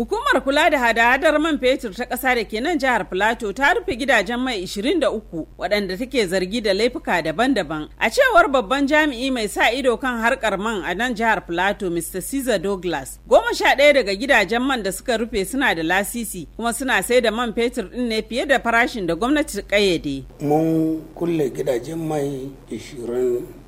Hukumar kula da hada man fetur ta ƙasa da ke nan jihar Filato ta rufe gidajen mai 23 waɗanda take zargi da laifuka daban-daban. A cewar babban jami'i mai sa ido kan harkar man a nan jihar Filato Mr. Caesar Douglas, goma sha ɗaya daga gidajen man da suka rufe suna da lasisi kuma suna sai da man fetur ɗin ne fiye da farashin da gwamnati ƙayyade. Mun kulle gidajen mai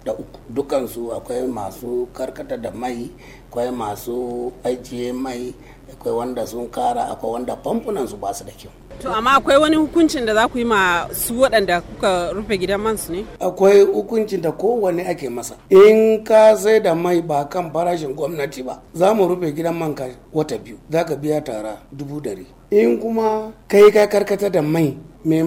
da uku dukansu akwai masu karkata da mai akwai masu ajiye mai akwai wanda sun kara akwai wanda famfunan su basu da kyau to amma akwai wani hukuncin da za ku yi ma su waɗanda kuka rufe gidan man su ne akwai hukuncin da kowane ake masa in ka sai da mai ba kan farashin gwamnati ba za mu rufe gidan man ka wata biyu za ka biya tara dubu dari in kuma kai ka karkata da mai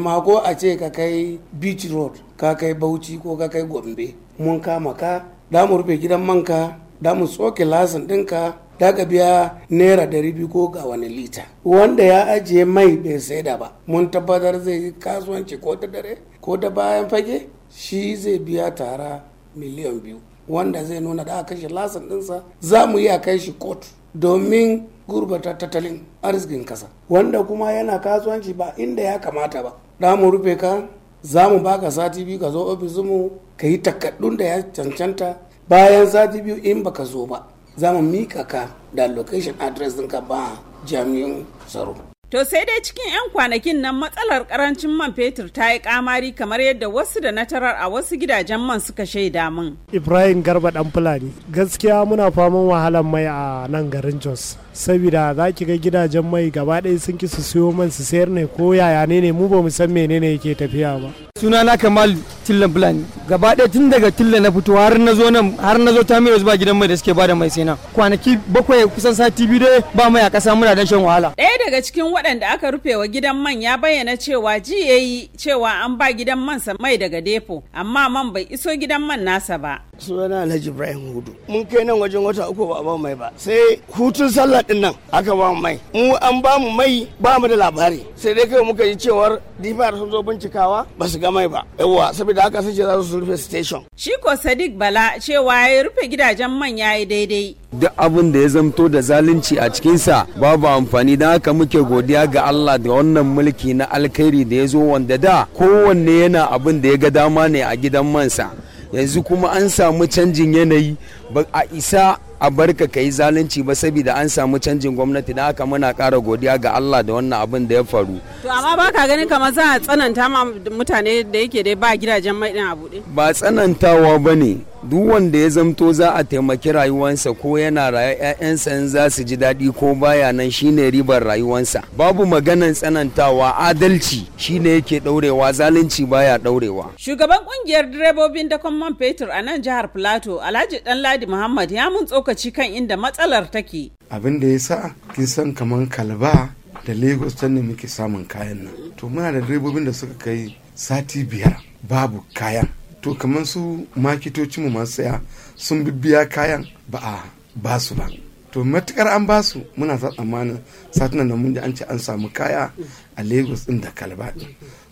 mako a ce ka kai beach road ka kai bauchi ko ka kai gombe mun kama ka da mu rufe gidan manka da mu soke lasin ɗinka da ka biya naira ɗari biyu ko ga wani lita wanda ya ajiye mai bai saida ba mun tabbatar zai yi kasuwanci ko ta dare ko da bayan fage shi zai biya tara miliyan biyu wanda zai nuna da aka kashe lasin ɗinsa za mu iya kai shi kotu domin gurbata tattalin arzikin kasa wanda kuma yana kasuwanci ba inda ya kamata ba da mu rufe ka za mu baka sati biyu ka zo ofis mu ka yi takaddun da ya cancanta bayan sati biyu in baka zo ba za mu mika ka da location address ka ba jami'in tsaro To sai dai cikin 'yan kwanakin nan matsalar karancin man fetur ta yi kamari kamar yadda wasu da na tarar a wasu gidajen man suka shaida min. Ibrahim Garba dan Fulani gaskiya muna faman wahalar mai a nan garin Jos. Saboda za ki ga gidajen mai gaba ɗaya sun ki su siyo man su sayar ne ko yaya ne ne mu ba mu san menene yake tafiya ba. Suna na Kamal tilla Fulani gaba ɗaya tun daga Tilla na fito har na zo nan har na zo ta mai ba gidan mai da suke bada mai sai na. Kwanaki bakwai kusan sati biyu dai ba mai a ƙasa muna dan shan wahala. Ɗaya daga cikin waɗanda aka rufe wa gidan man ya bayyana cewa ji ya yi cewa an ba gidan man sa mai daga depo amma man bai iso gidan man nasa ba. na Alhaji Ibrahim Hudu. Mun kai nan wajen wata uku ba a ba mai ba. Sai hutun sallah din nan aka ba mu mai. Mu an ba mu mai ba mu da labari. Sai dai kai muka yi cewar difar sun zo bincikawa ba su ga mai ba. Yawwa saboda haka sun ce za su rufe station. Shi ko Sadiq Bala cewa ya rufe gidajen man yayi daidai duk abin da ya zamto da zalunci a cikinsa babu amfani don haka muke godiya ga Allah da wannan mulki na alkhairi da ya zo wanda da kowanne yana abin da ya ga dama ne a gidan mansa yanzu kuma an samu canjin yanayi ba a isa a barka ka yi zalunci ba saboda an samu canjin gwamnati da haka muna kara godiya ga Allah da wannan abin da ya faru. To amma ba ka ganin kamar za a tsananta ma mutane da yake dai ba gidajen mai ɗin Ba tsanantawa ba ne duk wanda ya zamto za a taimaki rayuwansa ko yana raye 'ya'yansa za su ji daɗi ko baya nan shine ribar rayuwansa babu maganan tsanantawa adalci shine yake ɗaurewa zalunci baya ɗaurewa shugaban kungiyar direbobin da man fetur a nan jihar plato alhaji ɗanladi muhammad ya mun tsokaci kan inda matsalar take abin da ya sa kin san kaman kalba da lagos can ne muke samun kayan nan to muna da direbobin da suka kai sati biyar babu kayan to kamar su makitoci mu masu saya sun bibbiya kayan ba a ba su ba to matukar an ba su muna sa tsammanin satunan da mun da an ce an samu kaya a lagos din da kalba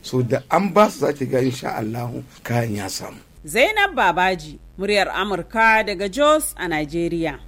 so da an ba su zaki ga insha allahu kayan ya samu zainab babaji muryar amurka daga jos a nigeria